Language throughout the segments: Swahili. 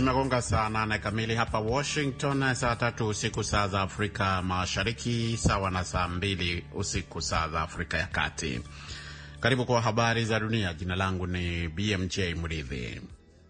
Zimegonga saa nane kamili hapa Washington, saa tatu usiku saa za Afrika Mashariki, sawa na saa mbili usiku saa za Afrika ya Kati. Karibu kwa habari za dunia. Jina langu ni BMJ Mridhi.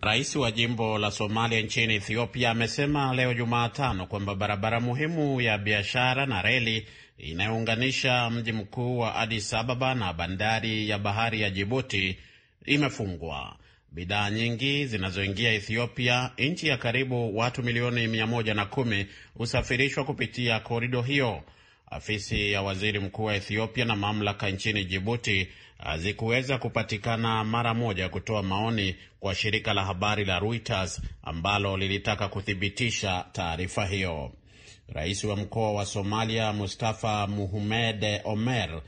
Rais wa jimbo la Somalia nchini Ethiopia amesema leo Jumatano kwamba barabara muhimu ya biashara na reli inayounganisha mji mkuu wa Addis Ababa na bandari ya bahari ya Jibuti imefungwa. Bidhaa nyingi zinazoingia Ethiopia, nchi ya karibu watu milioni kumi husafirishwa kupitia korido hiyo. Afisi ya waziri mkuu wa Ethiopia na mamlaka nchini Jibuti hazikuweza kupatikana mara moja kutoa maoni kwa shirika la habari la Reuters ambalo lilitaka kuthibitisha taarifa hiyo. Rais wa mkoa wa Somalia Mustafa muhumed Omer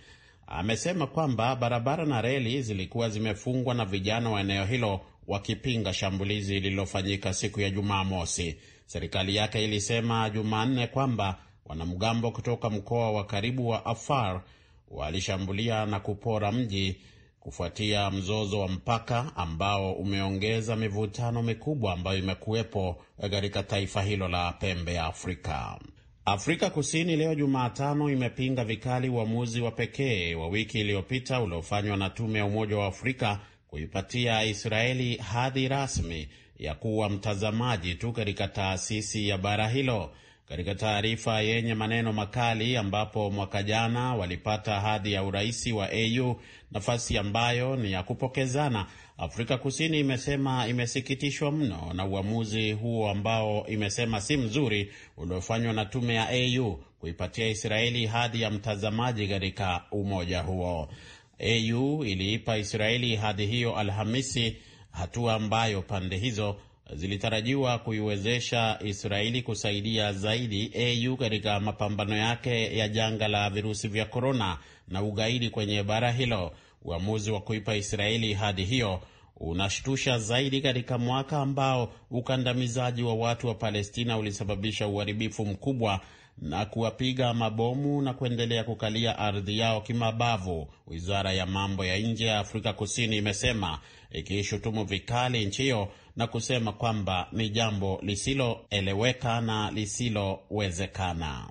amesema kwamba barabara na reli zilikuwa zimefungwa na vijana wa eneo hilo wakipinga shambulizi lililofanyika siku ya Jumamosi. Serikali yake ilisema Jumanne kwamba wanamgambo kutoka mkoa wa karibu wa Afar walishambulia na kupora mji kufuatia mzozo wa mpaka ambao umeongeza mivutano mikubwa ambayo imekuwepo katika taifa hilo la pembe ya Afrika. Afrika Kusini leo Jumatano imepinga vikali uamuzi wa pekee wa wiki iliyopita uliofanywa na tume ya Umoja wa Afrika kuipatia Israeli hadhi rasmi ya kuwa mtazamaji tu katika taasisi ya bara hilo. Katika taarifa yenye maneno makali, ambapo mwaka jana walipata hadhi ya uraisi wa AU, nafasi ambayo ni ya kupokezana, Afrika Kusini imesema imesikitishwa mno na uamuzi huo ambao imesema si mzuri uliofanywa na tume ya AU kuipatia Israeli hadhi ya mtazamaji katika umoja huo. AU iliipa Israeli hadhi hiyo Alhamisi, hatua ambayo pande hizo zilitarajiwa kuiwezesha Israeli kusaidia zaidi AU katika mapambano yake ya janga la virusi vya korona na ugaidi kwenye bara hilo. Uamuzi wa kuipa Israeli hadhi hiyo unashtusha zaidi katika mwaka ambao ukandamizaji wa watu wa Palestina ulisababisha uharibifu mkubwa na kuwapiga mabomu na kuendelea kukalia ardhi yao kimabavu. Wizara ya mambo ya nje ya Afrika Kusini imesema ikiishutumu vikali nchi hiyo na kusema kwamba ni jambo lisiloeleweka na lisilowezekana.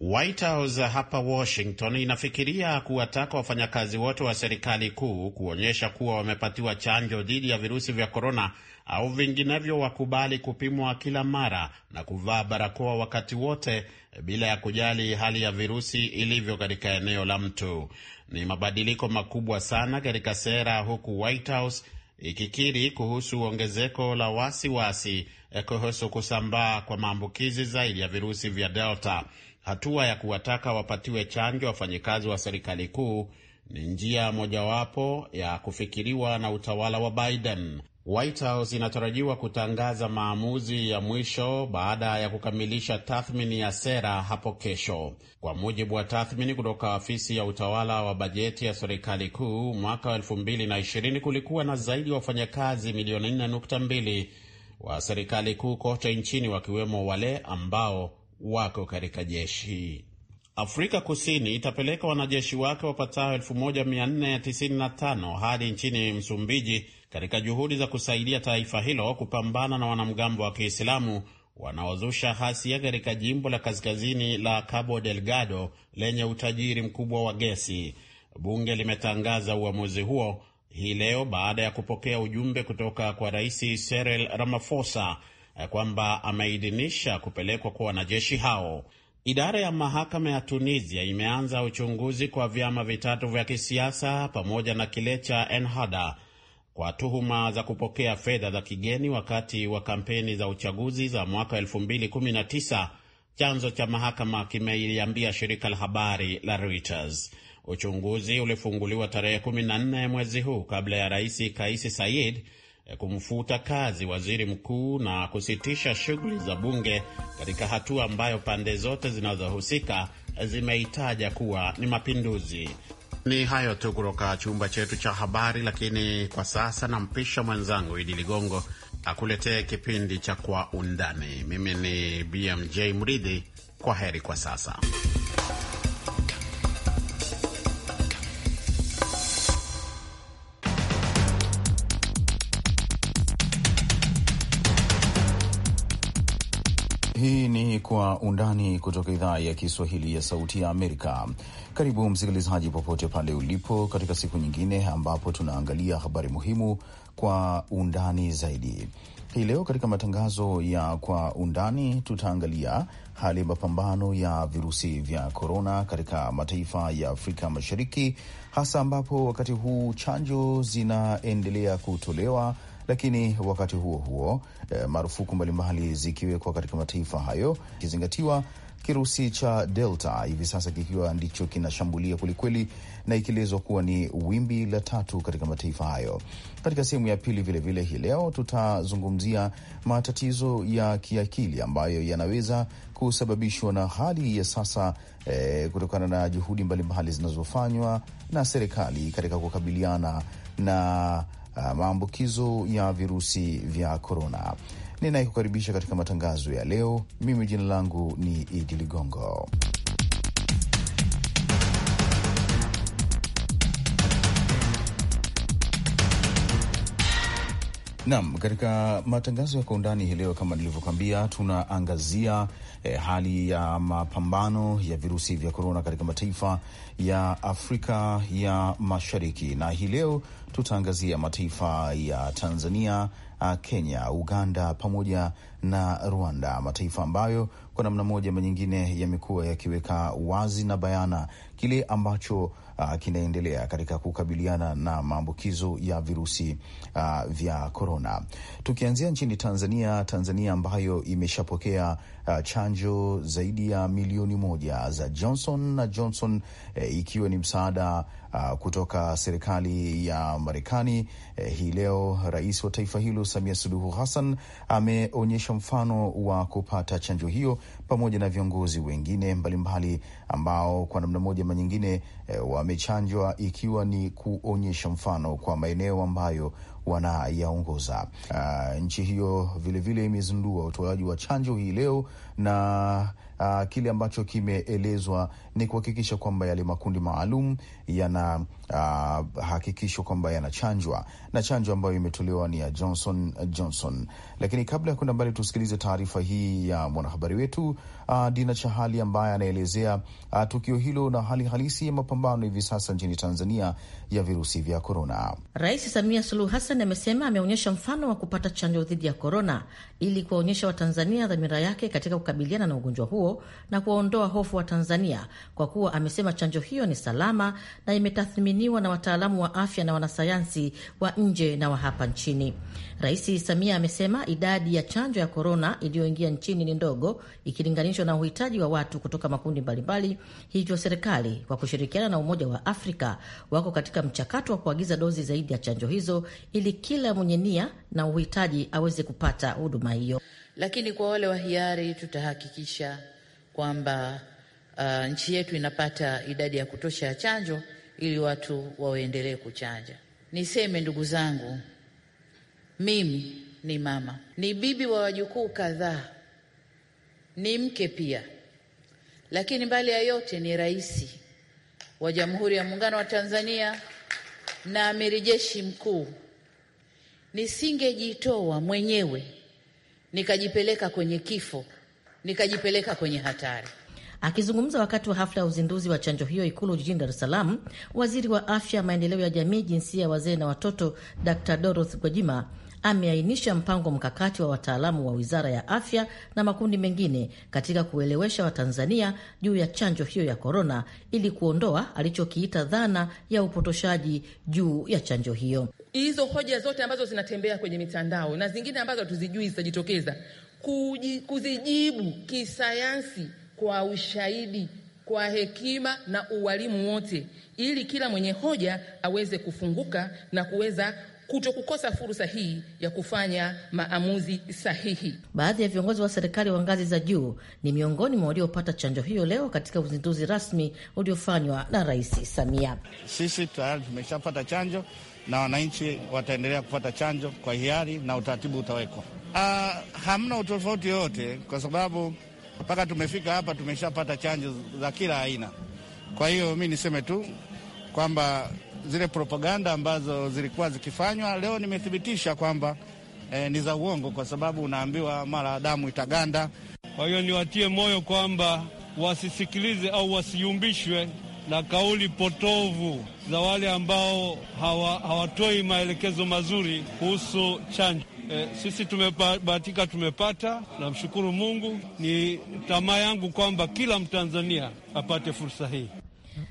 White House hapa Washington inafikiria kuwataka wafanyakazi wote wa serikali kuu kuonyesha kuwa wamepatiwa chanjo dhidi ya virusi vya korona au vinginevyo wakubali kupimwa kila mara na kuvaa barakoa wakati wote bila ya kujali hali ya virusi ilivyo katika eneo la mtu. Ni mabadiliko makubwa sana katika sera, huku White House ikikiri kuhusu ongezeko la wasiwasi wasi eh, kuhusu kusambaa kwa maambukizi zaidi ya virusi vya Delta. Hatua ya kuwataka wapatiwe chanjo wafanyikazi wa serikali kuu ni njia mojawapo ya kufikiriwa na utawala wa Biden. White House inatarajiwa kutangaza maamuzi ya mwisho baada ya kukamilisha tathmini ya sera hapo kesho. Kwa mujibu wa tathmini kutoka afisi ya utawala wa bajeti ya serikali kuu, mwaka wa 2020 kulikuwa na zaidi ya wafanyakazi milioni 4.2 wa serikali kuu kote nchini, wakiwemo wale ambao wako katika jeshi. Afrika Kusini itapeleka wanajeshi wake wapatao 1495 hadi nchini Msumbiji katika juhudi za kusaidia taifa hilo kupambana na wanamgambo wa Kiislamu wanaozusha hasia katika jimbo la kaskazini la Cabo Delgado lenye utajiri mkubwa wa gesi. Bunge limetangaza uamuzi huo hii leo baada ya kupokea ujumbe kutoka kwa Rais Cyril Ramaphosa kwamba ameidhinisha kupelekwa kwa wanajeshi hao. Idara ya mahakama ya Tunisia imeanza uchunguzi kwa vyama vitatu vya kisiasa pamoja na kile cha Ennahda kwa tuhuma za kupokea fedha za kigeni wakati wa kampeni za uchaguzi za mwaka 2019. Chanzo cha mahakama kimeiambia shirika la habari la Reuters. Uchunguzi ulifunguliwa tarehe 14 mwezi huu kabla ya rais kaisi Said Eh, kumfuta kazi waziri mkuu na kusitisha shughuli za bunge katika hatua ambayo pande zote zinazohusika eh, zimeitaja kuwa ni mapinduzi. Ni hayo tu kutoka chumba chetu cha habari, lakini kwa sasa nampisha mwenzangu Idi Ligongo akuletee kipindi cha Kwa Undani. Mimi ni BMJ Mridhi. Kwa heri kwa sasa. Kwa Undani kutoka idhaa ya Kiswahili ya Sauti ya Amerika. Karibu msikilizaji, popote pale ulipo, katika siku nyingine ambapo tunaangalia habari muhimu kwa undani zaidi. Hii leo katika matangazo ya Kwa Undani tutaangalia hali ya mapambano ya virusi vya korona katika mataifa ya Afrika Mashariki, hasa ambapo wakati huu chanjo zinaendelea kutolewa lakini wakati huo huo e, marufuku mbalimbali zikiwekwa katika mataifa hayo ikizingatiwa kirusi cha Delta hivi sasa kikiwa ndicho kinashambulia kwelikweli na ikielezwa kuwa ni wimbi la tatu katika mataifa hayo. Katika sehemu ya pili vilevile, hii leo tutazungumzia matatizo ya kiakili ambayo yanaweza kusababishwa na hali ya sasa eh, kutokana na juhudi mbalimbali zinazofanywa na serikali katika kukabiliana na Ah, maambukizo ya virusi vya korona. Ninayekukaribisha katika matangazo ya leo, mimi jina langu ni Idi Ligongo. Nam, katika matangazo ya kwa undani hii leo, kama nilivyokwambia, tunaangazia eh, hali ya mapambano ya virusi vya korona katika mataifa ya Afrika ya Mashariki, na hii leo tutaangazia mataifa ya Tanzania, uh, Kenya, Uganda pamoja na Rwanda, mataifa ambayo kwa namna moja ama nyingine yamekuwa yakiweka wazi na bayana kile ambacho uh, kinaendelea katika kukabiliana na maambukizo ya virusi uh, vya korona. Tukianzia nchini Tanzania, Tanzania ambayo imeshapokea uh, chanjo zaidi ya milioni moja za Johnson na Johnson eh, ikiwa ni msaada uh, kutoka serikali ya Marekani. Eh, hii leo rais wa taifa hilo Samia Suluhu Hassan ameonyesha mfano wa kupata chanjo hiyo pamoja na viongozi wengine mbalimbali mbali ambao kwa namna moja ama nyingine eh, wamechanjwa ikiwa ni kuonyesha mfano kwa maeneo ambayo wanayaongoza. Uh, nchi hiyo vilevile imezindua utoaji wa chanjo hii leo na uh, kile ambacho kimeelezwa ni kuhakikisha kwamba yale makundi maalum yanahakikishwa ah, uh, kwamba yanachanjwa na chanjo ambayo imetolewa ni ya Johnson eh, Johnson. Lakini kabla ya kwenda mbali, tusikilize taarifa hii ya mwanahabari wetu uh, Dina Chahali ambaye anaelezea uh, tukio hilo na hali halisi ya mapambano hivi sasa nchini Tanzania ya virusi vya korona. Rais Samia Suluhu Hassan amesema ameonyesha mfano wa kupata chanjo dhidi ya korona ili kuwaonyesha Watanzania dhamira yake katika kukabiliana na ugonjwa huo huo na kuwaondoa hofu wa Tanzania kwa kuwa amesema chanjo hiyo ni salama na imetathminiwa na wataalamu wa afya na wanasayansi wa nje na wa hapa nchini. Rais Samia amesema idadi ya chanjo ya korona iliyoingia nchini ni ndogo ikilinganishwa na uhitaji wa watu kutoka makundi mbalimbali, hivyo serikali kwa kushirikiana na Umoja wa Afrika wako katika mchakato wa kuagiza dozi zaidi ya chanjo hizo ili kila mwenye nia na uhitaji aweze kupata huduma hiyo. Lakini kwa wale wa hiari tutahakikisha kwamba uh, nchi yetu inapata idadi ya kutosha ya chanjo ili watu waendelee kuchanja. Niseme ndugu zangu, mimi ni mama, ni bibi wa wajukuu kadhaa, ni mke pia, lakini mbali ya yote ni rais wa Jamhuri ya Muungano wa Tanzania na amiri jeshi mkuu. Nisingejitoa mwenyewe nikajipeleka kwenye kifo nikajipeleka kwenye hatari. Akizungumza wakati wa hafla ya uzinduzi wa chanjo hiyo Ikulu jijini Dar es Salaam, waziri wa afya, maendeleo ya jamii, jinsia ya wazee na watoto, Dr Dorothy Gwajima ameainisha mpango mkakati wa wataalamu wa wizara ya afya na makundi mengine katika kuelewesha Watanzania juu ya chanjo hiyo ya korona ili kuondoa alichokiita dhana ya upotoshaji juu ya chanjo hiyo. Hizo hoja zote ambazo zinatembea kwenye mitandao na zingine ambazo hatuzijui zitajitokeza, kuzijibu kisayansi kwa ushahidi, kwa hekima na uwalimu wote, ili kila mwenye hoja aweze kufunguka na kuweza kuto kukosa fursa hii ya kufanya maamuzi sahihi. Baadhi ya viongozi wa serikali wa ngazi za juu ni miongoni mwa waliopata chanjo hiyo leo katika uzinduzi rasmi uliofanywa na Rais Samia. Sisi tayari tumeshapata chanjo na wananchi wataendelea kupata chanjo kwa hiari na utaratibu utawekwa. Uh, hamna utofauti yoyote kwa sababu mpaka tumefika hapa tumeshapata chanjo za kila aina. Kwa hiyo mi niseme tu kwamba zile propaganda ambazo zilikuwa zikifanywa leo nimethibitisha kwamba eh, ni za uongo, kwa sababu unaambiwa mara damu itaganda. Kwa hiyo niwatie moyo kwamba wasisikilize au wasiyumbishwe na kauli potovu za wale ambao hawa, hawatoi maelekezo mazuri kuhusu chanjo. E, sisi tumebahatika tumepata, namshukuru Mungu. Ni tamaa yangu kwamba kila Mtanzania apate fursa hii.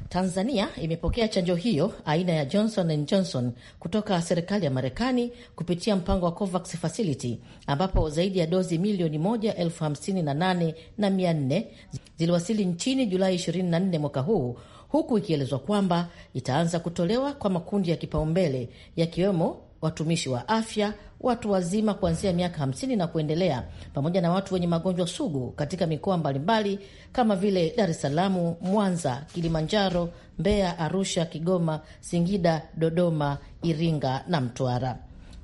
Tanzania imepokea chanjo hiyo aina ya Johnson and Johnson kutoka serikali ya Marekani kupitia mpango wa COVAX Facility, ambapo zaidi ya dozi milioni moja elfu hamsini na nane na mia nne ziliwasili nchini Julai 24 mwaka huu huku ikielezwa kwamba itaanza kutolewa kwa makundi ya kipaumbele yakiwemo watumishi wa afya, watu wazima kuanzia miaka hamsini na kuendelea, pamoja na watu wenye magonjwa sugu katika mikoa mbalimbali kama vile Dar es Salaam, Mwanza, Kilimanjaro, Mbeya, Arusha, Kigoma, Singida, Dodoma, Iringa na Mtwara.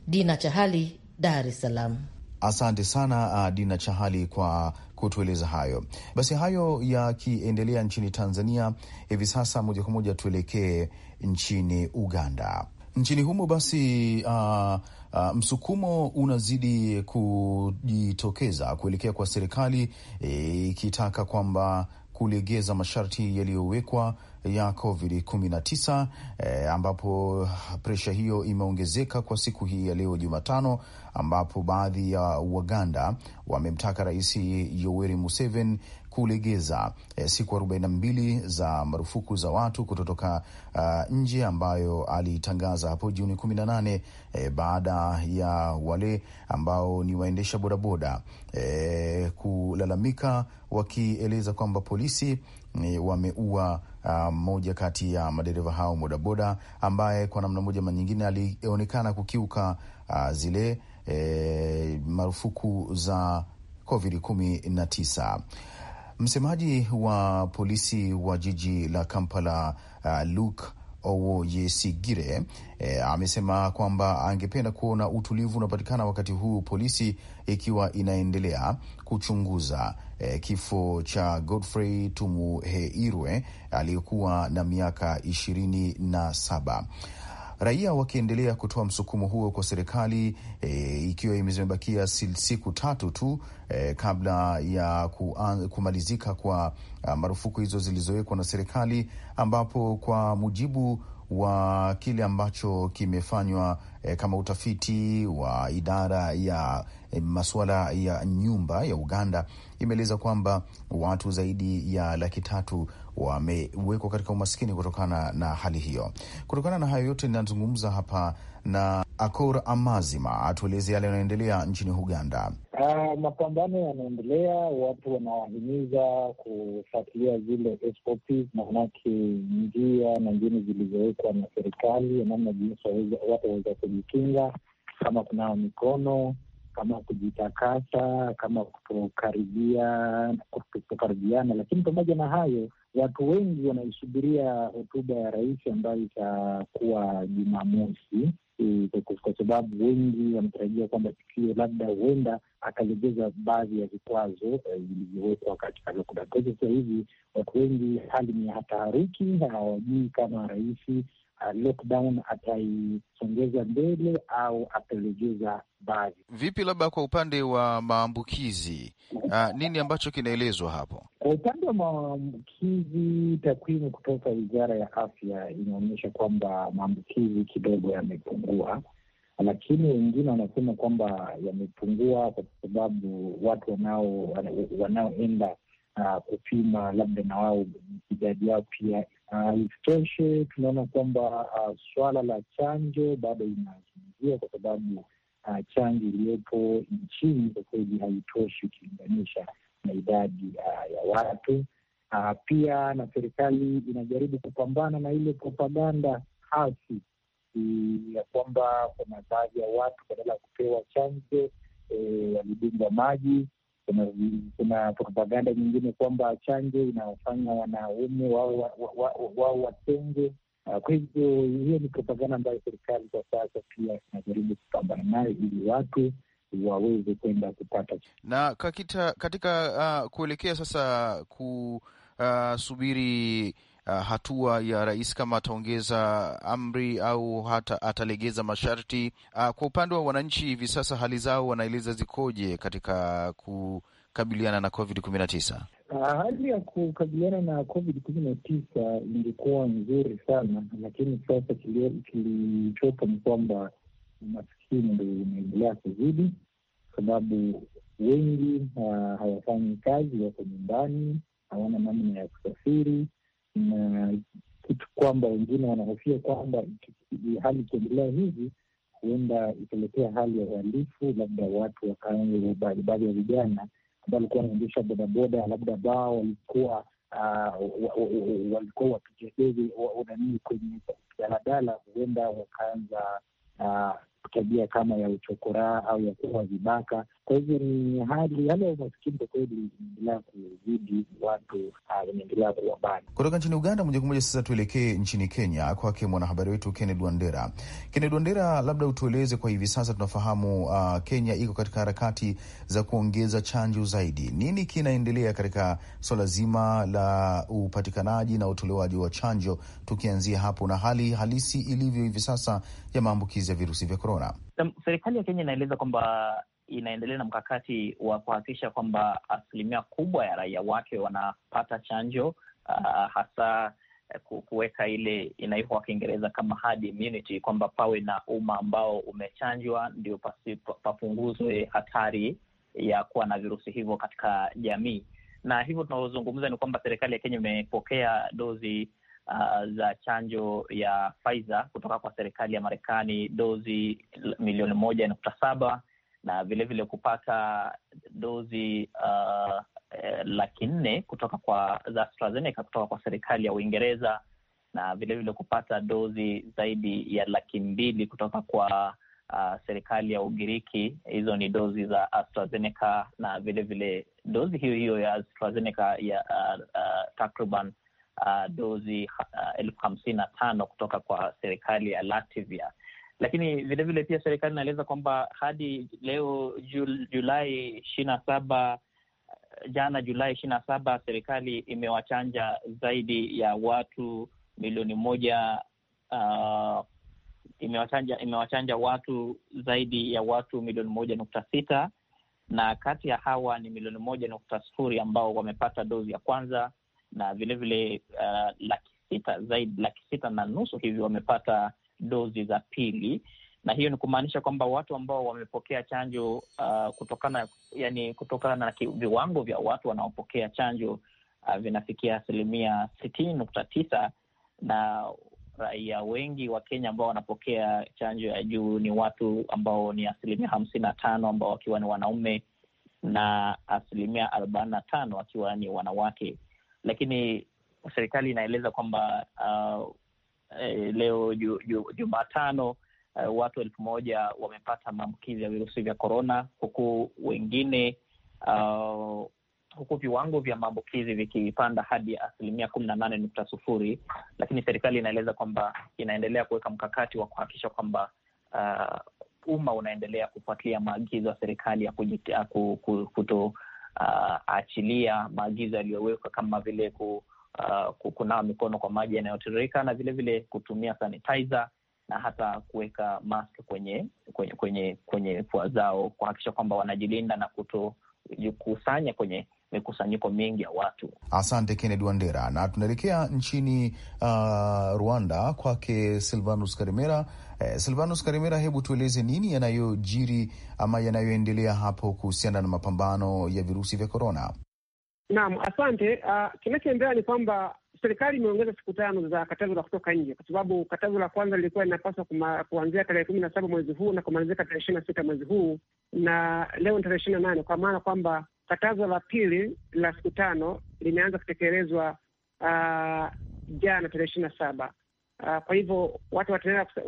Dina Chahali, Dar es Salaam. Asante sana uh, Dina Chahali kwa kutueleza hayo. Basi hayo yakiendelea nchini Tanzania hivi sasa, moja kwa moja tuelekee nchini Uganda. Nchini humo basi uh, Uh, msukumo unazidi kujitokeza kuelekea kwa serikali eh, ikitaka e, kwamba kulegeza masharti yaliyowekwa ya COVID-19 e, ambapo presha hiyo imeongezeka kwa siku hii ya leo Jumatano, ambapo baadhi ya Waganda wamemtaka Rais Yoweri Museveni kulegeza eh, siku arobaini na mbili za marufuku za watu kutotoka uh, nje ambayo alitangaza hapo Juni kumi na nane eh, baada ya wale ambao ni waendesha bodaboda eh, kulalamika wakieleza kwamba polisi eh, wameua ah, mmoja uh, kati ya madereva hao bodaboda ambaye kwa namna moja manyingine alionekana kukiuka uh, zile eh, marufuku za COVID 19. Msemaji wa polisi wa jiji la Kampala uh, Luke Owoyesigire e, amesema kwamba angependa kuona utulivu unapatikana wakati huu polisi ikiwa inaendelea kuchunguza e, kifo cha Godfrey Tumuheirwe aliyekuwa na miaka ishirini na saba raia wakiendelea kutoa msukumo huo kwa serikali e, ikiwa imebakia siku tatu tu e, kabla ya kumalizika kwa marufuku hizo zilizowekwa na serikali, ambapo kwa mujibu wa kile ambacho kimefanywa e, kama utafiti wa idara ya e, masuala ya nyumba ya Uganda imeeleza kwamba watu zaidi ya laki tatu wamewekwa katika umaskini kutokana na hali hiyo. Kutokana na hayo yote, ninazungumza hapa na Akor Amazima atueleze yale yanayoendelea nchini Uganda. Uh, mapambano yanaendelea, watu wanawahimiza kufuatilia zile SOP, maanake njia na njini zilizowekwa na serikali, namna jinsi watu waweza kujikinga, kama kunao mikono kama kujitakasa, kama kutokaribia, kutokaribiana. Lakini pamoja na hayo, watu wengi wanaisubiria hotuba ya rais ambayo itakuwa Jumamosi, e, kwa sababu wengi wanatarajia kwamba tukio labda huenda akalegeza baadhi ya vikwazo e, vilivyowekwa wakati katika. Sasa hivi watu wengi, hali ni ya taharuki, hawajui kama rais uh, lockdown ataisongeza mbele au atalegeza baadhi. Vipi labda kwa upande wa maambukizi uh, nini ambacho kinaelezwa hapo? Kwa upande wa maambukizi, takwimu kutoka Wizara ya Afya inaonyesha kwamba maambukizi kidogo yamepungua, lakini wengine wanasema kwamba yamepungua kwa sababu watu wanao wanaoenda uh, kupima labda na wao idadi yao pia. Uh, tunaona kwamba uh, swala la chanjo bado inazungumziwa kwa sababu uh, chanjo iliyopo nchini kwa kweli haitoshi ukilinganisha na idadi uh, ya watu uh, pia na serikali inajaribu kupambana na ile propaganda hasi ya kwamba kuna baadhi ya watu badala ya kupewa chanjo eh, walidungwa e, maji kuna, kuna propaganda nyingine kwamba chanjo inawafanya wanaume wao wao watenge. Ah, kwa hivyo hiyo ni propaganda ambayo serikali kwa sasa pia inajaribu kupambana nayo ili watu waweze kwenda kupata na kakita, katika uh, kuelekea sasa kusubiri uh, uh, hatua ya rais kama ataongeza amri au hata atalegeza masharti. Uh, kwa upande wa wananchi hivi sasa hali zao wanaeleza zikoje katika kukabiliana na COVID kumi na tisa? Uh, hali ya kukabiliana na COVID kumi na tisa ingekuwa nzuri sana, lakini sasa kilichopo ni kwamba umaskini ndo unaendelea kuzidi, sababu wengi uh, hawafanyi kazi, wako nyumbani, hawana namna ya kusafiri na kitu kwamba wengine wanahofia kwamba hali ikiendelea hivi huenda ipelekea hali ya uhalifu, labda watu wakaanza, baadhi ya vijana ambao walikuwa wanaendesha bodaboda, labda bao walikuwa ah, walikuwa wapiga debe nanii kwenye daladala, huenda wakaanza ah, tabia kama ya uchokoraa au ya kuwa vibaka kwa hivyo ni hali hali ya umaskini kwa kweli inaendelea kuzidi watu, ah, inaendelea kuwa mbali kutoka nchini Uganda. Moja kwa moja sasa tuelekee nchini Kenya, kwake mwanahabari wetu Kenneth Wandera. Kenneth Wandera, labda utueleze kwa hivi sasa tunafahamu, uh, Kenya iko katika harakati za kuongeza chanjo zaidi. Nini kinaendelea katika swala so zima la upatikanaji na utolewaji wa chanjo, tukianzia hapo na hali halisi ilivyo hivi sasa ya maambukizi ya virusi vya korona? Serikali ya Kenya inaeleza kwamba inaendelea na mkakati wa kuhakikisha kwamba asilimia kubwa ya raia wake wanapata chanjo uh, hasa eh, kuweka ile inaitwa Kiingereza kama herd immunity, kwamba pawe na umma ambao umechanjwa, ndio papunguzwe hatari ya kuwa na virusi hivyo katika jamii. Na hivyo tunavyozungumza ni kwamba serikali ya Kenya imepokea dozi uh, za chanjo ya Pfizer kutoka kwa serikali ya Marekani, dozi milioni moja nukta saba na vilevile vile kupata dozi uh, eh, laki nne kutoka kwa za AstraZeneca kutoka kwa serikali ya Uingereza na vilevile vile kupata dozi zaidi ya laki mbili kutoka kwa uh, serikali ya Ugiriki. Hizo ni dozi za AstraZeneca na vilevile vile dozi hiyo hiyo ya AstraZeneca ya uh, uh, takriban uh, dozi uh, elfu hamsini na tano kutoka kwa serikali ya Latvia lakini vilevile pia serikali inaeleza kwamba hadi leo Jul, Julai ishirini na saba jana Julai ishirini na saba serikali imewachanja zaidi ya watu milioni moja uh, imewachanja imewachanja watu zaidi ya watu milioni moja nukta sita na kati ya hawa ni milioni moja nukta sufuri ambao wamepata dozi ya kwanza na vilevile uh, laki sita zaidi laki sita na nusu hivi wamepata dozi za pili, na hiyo ni kumaanisha kwamba watu ambao wamepokea chanjo uh, kutokana yani, kutokana na viwango vya watu wanaopokea chanjo uh, vinafikia asilimia sitini nukta tisa na raia wengi wa Kenya ambao wanapokea chanjo ya juu ni watu ambao ni asilimia hamsini na tano ambao wakiwa ni wanaume na asilimia arobaini na tano wakiwa ni wanawake. Lakini serikali inaeleza kwamba uh, eh, leo Jumatano eh, watu elfu moja wamepata maambukizi ya virusi vya korona, huku wengine uh, huku viwango vya maambukizi vikipanda hadi ya asilimia kumi na nane nukta sufuri, lakini serikali inaeleza kwamba inaendelea kuweka mkakati wa kuhakikisha kwamba uh, umma unaendelea kufuatilia maagizo ya serikali ya kuto uh, achilia maagizo yaliyowekwa kama vile ku, uh, kunawa mikono kwa maji yanayotiririka na vilevile vile kutumia sanitizer na hata kuweka mask kwenye kwenye kwenye, kwenye pua zao kuhakikisha kwamba wanajilinda na kutojikusanya kwenye mikusanyiko mingi ya watu. Asante Kennedy Wandera, na tunaelekea nchini uh, Rwanda, kwake Silvanus Karimera. Eh, Silvanus Karimera, hebu tueleze nini yanayojiri ama yanayoendelea hapo kuhusiana na mapambano ya virusi vya korona. Naam, asante. Uh, kinachoendelea ni kwamba serikali imeongeza siku tano za katazo la kutoka nje, kwa sababu katazo la kwanza lilikuwa linapaswa kuanzia tarehe kumi na saba mwezi huu na kumalizika tarehe ishirini na sita mwezi huu, na leo ni tarehe ishirini na nane kwa maana kwamba katazo la pili la siku tano limeanza kutekelezwa uh, jana tarehe ishirini na saba. Uh, kwa hivyo watu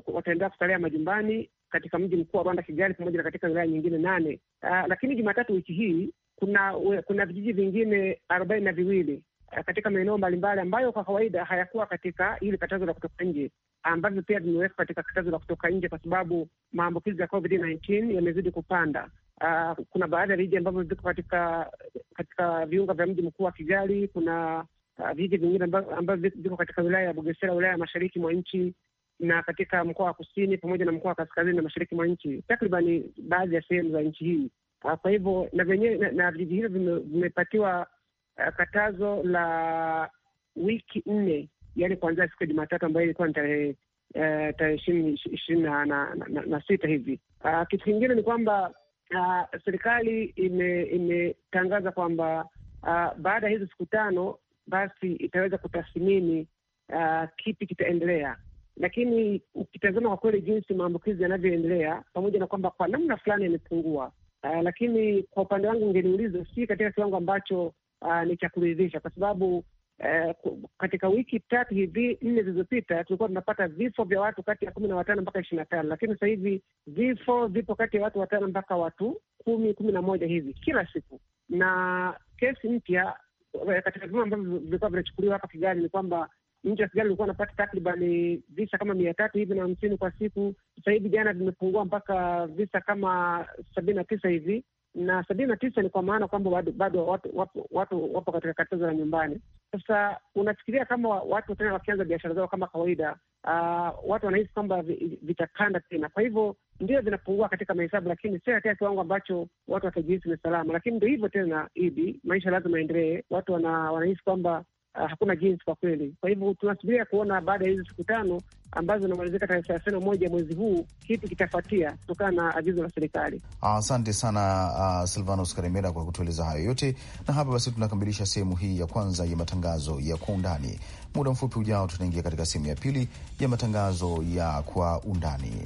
wataendelea kusalia majumbani katika mji mkuu wa Rwanda, Kigali, pamoja na katika wilaya nyingine nane. Uh, lakini Jumatatu wiki hii kuna kuna vijiji vingine arobaini na viwili eh, katika maeneo mbalimbali ambayo kwa kawaida hayakuwa katika hili katazo la kutoka nje, ambavyo pia vimewekwa katika katazo la kutoka nje kwa sababu maambukizi ya COVID-19 yamezidi kupanda. Uh, kuna baadhi ya vijiji ambavyo viko katika katika viunga vya mji mkuu wa Kigali. Kuna uh, vijiji vingine ambavyo viko katika wilaya ya Bugesera, wilaya ya mashariki mwa nchi na katika mkoa wa kusini pamoja na mkoa wa kaskazini na mashariki mwa nchi, takribani baadhi ya sehemu za nchi hii kwa hivyo na vyenyewe na, na vijiji hivyo vimepatiwa uh, katazo la wiki nne, yaani kuanzia siku ya Jumatatu ambayo ilikuwa ni tarehe eh, tarehe ishirini na, na, na, na sita hivi. Uh, kitu kingine ni kwamba uh, serikali imetangaza ime kwamba uh, baada ya hizo siku tano basi itaweza kutathmini uh, kipi kitaendelea, lakini ukitazama kwa kweli jinsi maambukizi yanavyoendelea, pamoja na kwamba kwa namna fulani yamepungua, Uh, lakini kwa upande wangu ungeniuliza, si katika kiwango ambacho uh, ni cha kuridhisha, kwa sababu uh, katika wiki tatu hivi nne zilizopita tulikuwa tunapata vifo vya watu kati ya kumi na watano mpaka ishirini na tano lakini sasa hivi vifo vipo kati ya watu watano mpaka watu kumi kumi na moja hivi kila siku, na kesi mpya katika vipimo ambavyo vilikuwa vinachukuliwa hapa Kigali ni kwamba nchi wa Kigali ilikuwa unapata takriban visa kama mia tatu hivi na hamsini kwa siku sahivi jana vimepungua mpaka visa kama sabini na tisa hivi, na sabini na tisa ni kwa maana kwamba bado, bado watu, watu, watu wapo katika katizo la nyumbani. Sasa unafikiria kama watu tena wakianza biashara zao kama kawaida, uh, watu wanahisi kwamba vitakanda tena. Kwa hivyo ndio vinapungua katika mahesabu, lakini sio katika kiwango ambacho watu watajihisi ni salama. Lakini ndio hivyo tena, idi maisha lazima yaendelee. Watu wanahisi kwamba Uh, hakuna jinsi kwa kweli. Kwa hivyo tunasubiria kuona baada ya hizi siku tano ambazo zinamalizika tarehe thelathini na moja mwezi huu, kipi kitafuatia kutokana na agizo la serikali. Asante sana uh, Silvanos Karemera kwa kutueleza hayo yote, na hapa basi tunakamilisha sehemu hii ya kwanza ya matangazo ya kwa undani. Muda mfupi ujao, tunaingia katika sehemu ya pili ya matangazo ya kwa undani.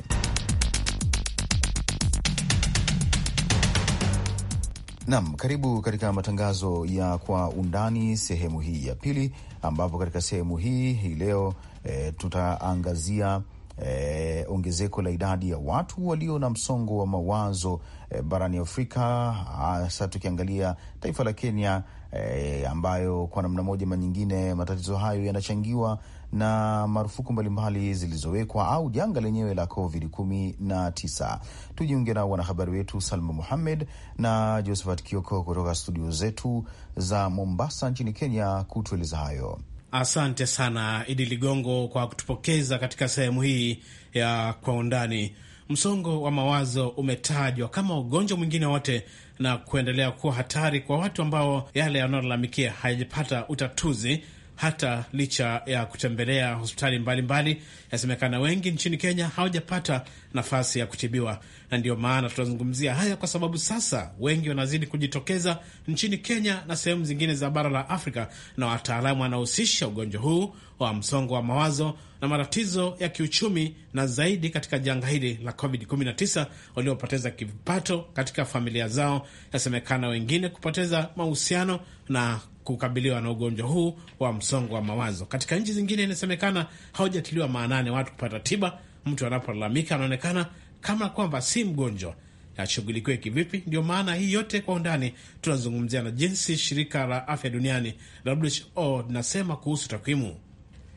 Naam, karibu katika matangazo ya kwa undani sehemu hii ya pili, ambapo katika sehemu hii hii leo e, tutaangazia e, ongezeko la idadi ya watu walio na msongo wa mawazo e, barani Afrika, hasa tukiangalia taifa la Kenya e, ambayo kwa namna moja ama nyingine matatizo hayo yanachangiwa na marufuku mbalimbali zilizowekwa au janga lenyewe la Covid 19. Tujiunge na wanahabari wetu Salma Muhammed na Josephat Kioko kutoka studio zetu za Mombasa nchini Kenya kutueleza hayo. Asante sana Idi Ligongo kwa kutupokeza katika sehemu hii ya kwa undani. Msongo wa mawazo umetajwa kama ugonjwa mwingine wote na kuendelea kuwa hatari kwa watu ambao yale yanayolalamikia hayajapata utatuzi hata licha ya kutembelea hospitali mbalimbali. Inasemekana wengi nchini Kenya hawajapata nafasi ya kutibiwa, na ndiyo maana tunazungumzia haya, kwa sababu sasa wengi wanazidi kujitokeza nchini Kenya na sehemu zingine za bara la Afrika, na wataalamu wanahusisha ugonjwa huu wa msongo wa mawazo na matatizo ya kiuchumi, na zaidi katika janga hili la COVID-19 waliopoteza kipato katika familia zao, inasemekana wengine kupoteza mahusiano na kukabiliwa na ugonjwa huu wa msongo wa mawazo. Katika nchi zingine inasemekana haujatiliwa maanani watu kupata tiba. Mtu anapolalamika anaonekana kama kwamba si mgonjwa, ashughulikiwe kivipi? Ndio maana hii yote kwa undani tunazungumzia na jinsi shirika la afya duniani WHO linasema kuhusu takwimu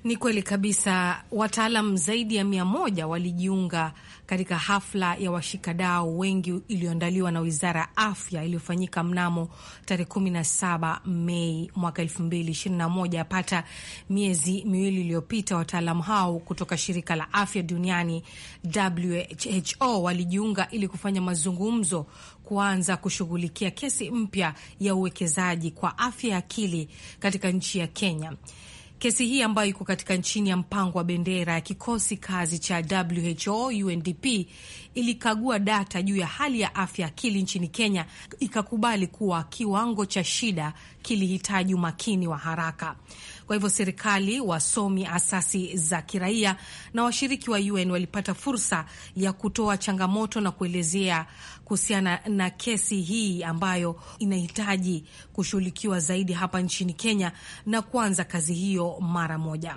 ni kweli kabisa, wataalam zaidi ya mia moja walijiunga katika hafla ya washikadau wengi iliyoandaliwa na wizara ya afya iliyofanyika mnamo tarehe 17 Mei mwaka 2021, yapata miezi miwili iliyopita. Wataalam hao kutoka shirika la afya duniani WHO walijiunga ili kufanya mazungumzo kuanza kushughulikia kesi mpya ya uwekezaji kwa afya ya akili katika nchi ya Kenya. Kesi hii ambayo iko katika nchini ya mpango wa bendera ya kikosi kazi cha WHO UNDP ilikagua data juu ya hali ya afya akili nchini Kenya, ikakubali kuwa kiwango cha shida kilihitaji umakini wa haraka. Kwa hivyo serikali, wasomi, asasi za kiraia na washiriki wa UN walipata fursa ya kutoa changamoto na kuelezea kuhusiana na kesi hii ambayo inahitaji kushughulikiwa zaidi hapa nchini Kenya na kuanza kazi hiyo mara moja.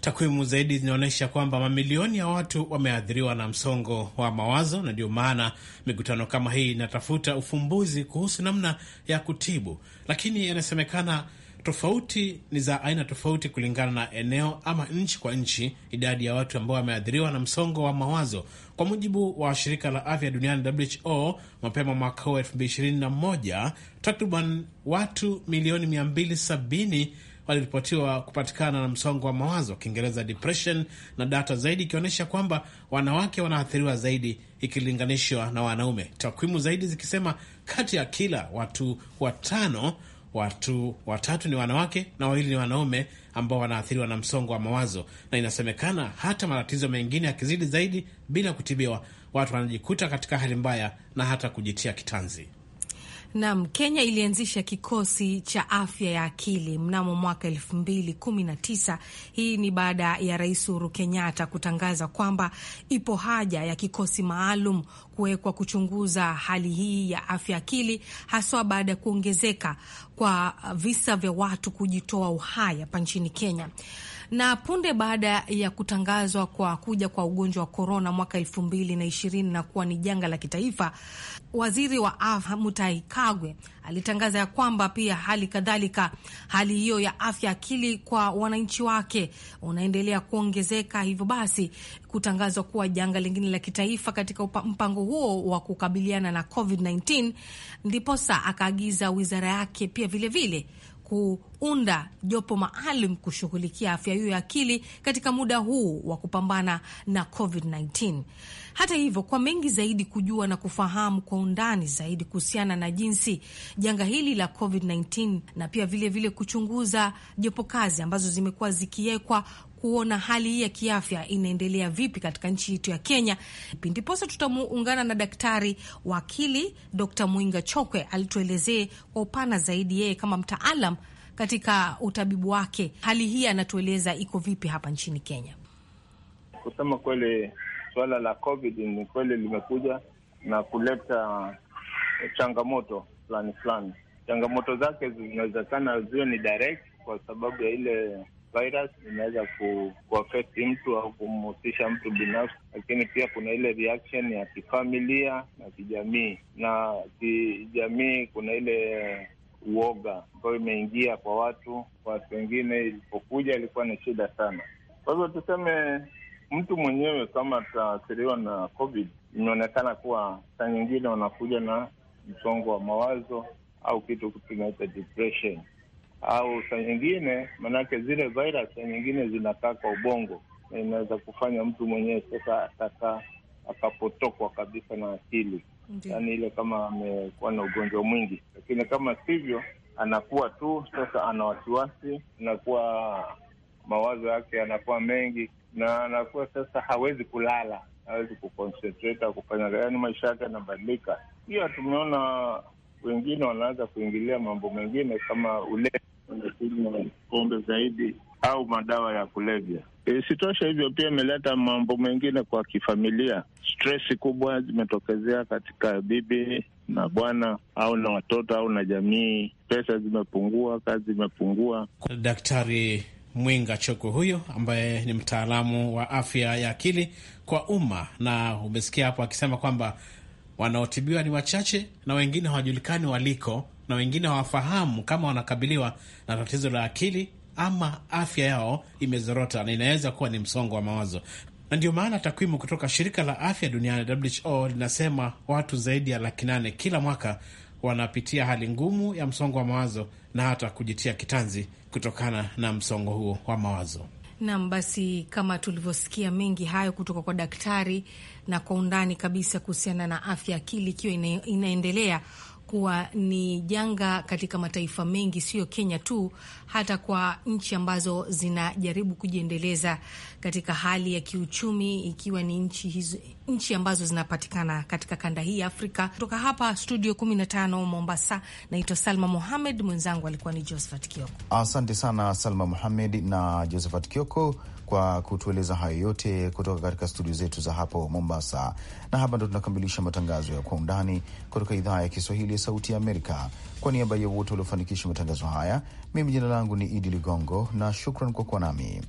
Takwimu zaidi zinaonyesha kwamba mamilioni ya watu wameathiriwa na msongo wa mawazo, na ndio maana mikutano kama hii inatafuta ufumbuzi kuhusu namna ya kutibu, lakini yanasemekana Tofauti ni za aina tofauti kulingana na eneo ama nchi kwa nchi, idadi ya watu ambao wameathiriwa na msongo wa mawazo. Kwa mujibu wa shirika la afya duniani WHO, mapema mwaka huu 2021 takriban watu milioni 270 waliripotiwa kupatikana na msongo wa mawazo, Kiingereza depression, na data zaidi ikionyesha kwamba wanawake wanaathiriwa zaidi ikilinganishwa na wanaume, takwimu zaidi zikisema kati ya kila watu watano watu watatu ni wanawake na wawili ni wanaume ambao wanaathiriwa na msongo wa mawazo, na inasemekana hata matatizo mengine yakizidi zaidi bila kutibiwa, watu wanajikuta katika hali mbaya na hata kujitia kitanzi. Naam, Kenya ilianzisha kikosi cha afya ya akili mnamo mwaka elfu mbili kumi na tisa. Hii ni baada ya Rais Uhuru Kenyatta kutangaza kwamba ipo haja ya kikosi maalum kuwekwa kuchunguza hali hii ya afya akili, haswa baada ya kuongezeka kwa visa vya watu kujitoa uhai hapa nchini Kenya. Na punde baada ya kutangazwa kwa kuja kwa ugonjwa wa korona mwaka elfu mbili na ishirini na kuwa ni janga la kitaifa, waziri wa afya Mutai Kagwe alitangaza ya kwamba pia hali kadhalika hali hiyo ya afya akili kwa wananchi wake unaendelea kuongezeka, hivyo basi kutangazwa kuwa janga lingine la kitaifa katika mpango huo wa kukabiliana na COVID-19, ndiposa akaagiza wizara yake pia vilevile vile kuunda jopo maalum kushughulikia afya hiyo ya akili katika muda huu wa kupambana na COVID-19. Hata hivyo, kwa mengi zaidi kujua na kufahamu kwa undani zaidi kuhusiana na jinsi janga hili la COVID-19 na pia vilevile vile kuchunguza jopo kazi ambazo zimekuwa zikiwekwa kuona hali hii ya kiafya inaendelea vipi katika nchi yetu ya Kenya. Pindiposa tutamuungana na daktari wakili Dr. Mwinga Chokwe alituelezee kwa upana zaidi, yeye kama mtaalam katika utabibu wake, hali hii anatueleza iko vipi hapa nchini Kenya. Kusema kweli, suala la COVID ni kweli limekuja na kuleta changamoto fulani fulani. Changamoto zake zinawezekana ziwe ni direct kwa sababu ya ile virus inaweza ku, kuaffect mtu au kumhusisha mtu binafsi, lakini pia kuna ile reaction ya kifamilia na kijamii. Na kijamii kuna ile uoga ambayo imeingia kwa watu. Kwa watu wengine ilipokuja ilikuwa ni shida sana. Kwa hivyo tuseme mtu mwenyewe kama ataathiriwa na COVID, imeonekana kuwa saa nyingine wanakuja na msongo wa mawazo au kitu kinaita depression au saa nyingine, maanake zile virus saa nyingine zinakaa kwa ubongo na inaweza kufanya mtu mwenyewe sasa ataka akapotokwa kabisa na akili, yaani ile kama amekuwa na ugonjwa mwingi. Lakini kama sivyo, anakuwa tu sasa ana wasiwasi, anakuwa mawazo yake yanakuwa mengi na anakuwa sasa hawezi kulala, hawezi kuconcentrate kufanya, yani maisha yake yanabadilika. Pia tumeona wengine wanaanza kuingilia mambo mengine kama ule wanakunywa pombe zaidi au madawa ya kulevya. E, isitoshe hivyo pia imeleta mambo mengine kwa kifamilia. Stresi kubwa zimetokezea katika bibi na bwana au na watoto au na jamii. Pesa zimepungua, kazi zimepungua. Daktari Mwinga Choko huyo ambaye ni mtaalamu wa afya ya akili kwa umma, na umesikia hapo akisema kwamba wanaotibiwa ni wachache na wengine hawajulikani waliko, na wengine hawafahamu kama wanakabiliwa na tatizo la akili ama afya yao imezorota na inaweza kuwa ni msongo wa mawazo. Na ndio maana takwimu kutoka shirika la afya duniani WHO linasema watu zaidi ya laki nane kila mwaka wanapitia hali ngumu ya msongo wa mawazo na hata kujitia kitanzi kutokana na msongo huo wa mawazo. Nam, basi kama tulivyosikia mengi hayo kutoka kwa daktari na kwa undani kabisa kuhusiana na afya akili ikiwa ina, inaendelea kuwa ni janga katika mataifa mengi, sio Kenya tu, hata kwa nchi ambazo zinajaribu kujiendeleza katika hali ya kiuchumi, ikiwa ni nchi hizo, nchi ambazo zinapatikana katika kanda hii ya Afrika. Kutoka hapa studio 15 Mombasa, naitwa Salma Muhamed, mwenzangu alikuwa ni Josephat Kioko. Asante sana Salma muhamed na Josephat Kioko kwa kutueleza hayo yote kutoka katika studio zetu za hapo Mombasa. Na hapa ndo tunakamilisha matangazo ya Kwa Undani kutoka idhaa ya Kiswahili ya Sauti ya Amerika. Kwa niaba ya wote waliofanikisha matangazo haya, mimi jina langu ni Idi Ligongo na shukran kwa kuwa nami.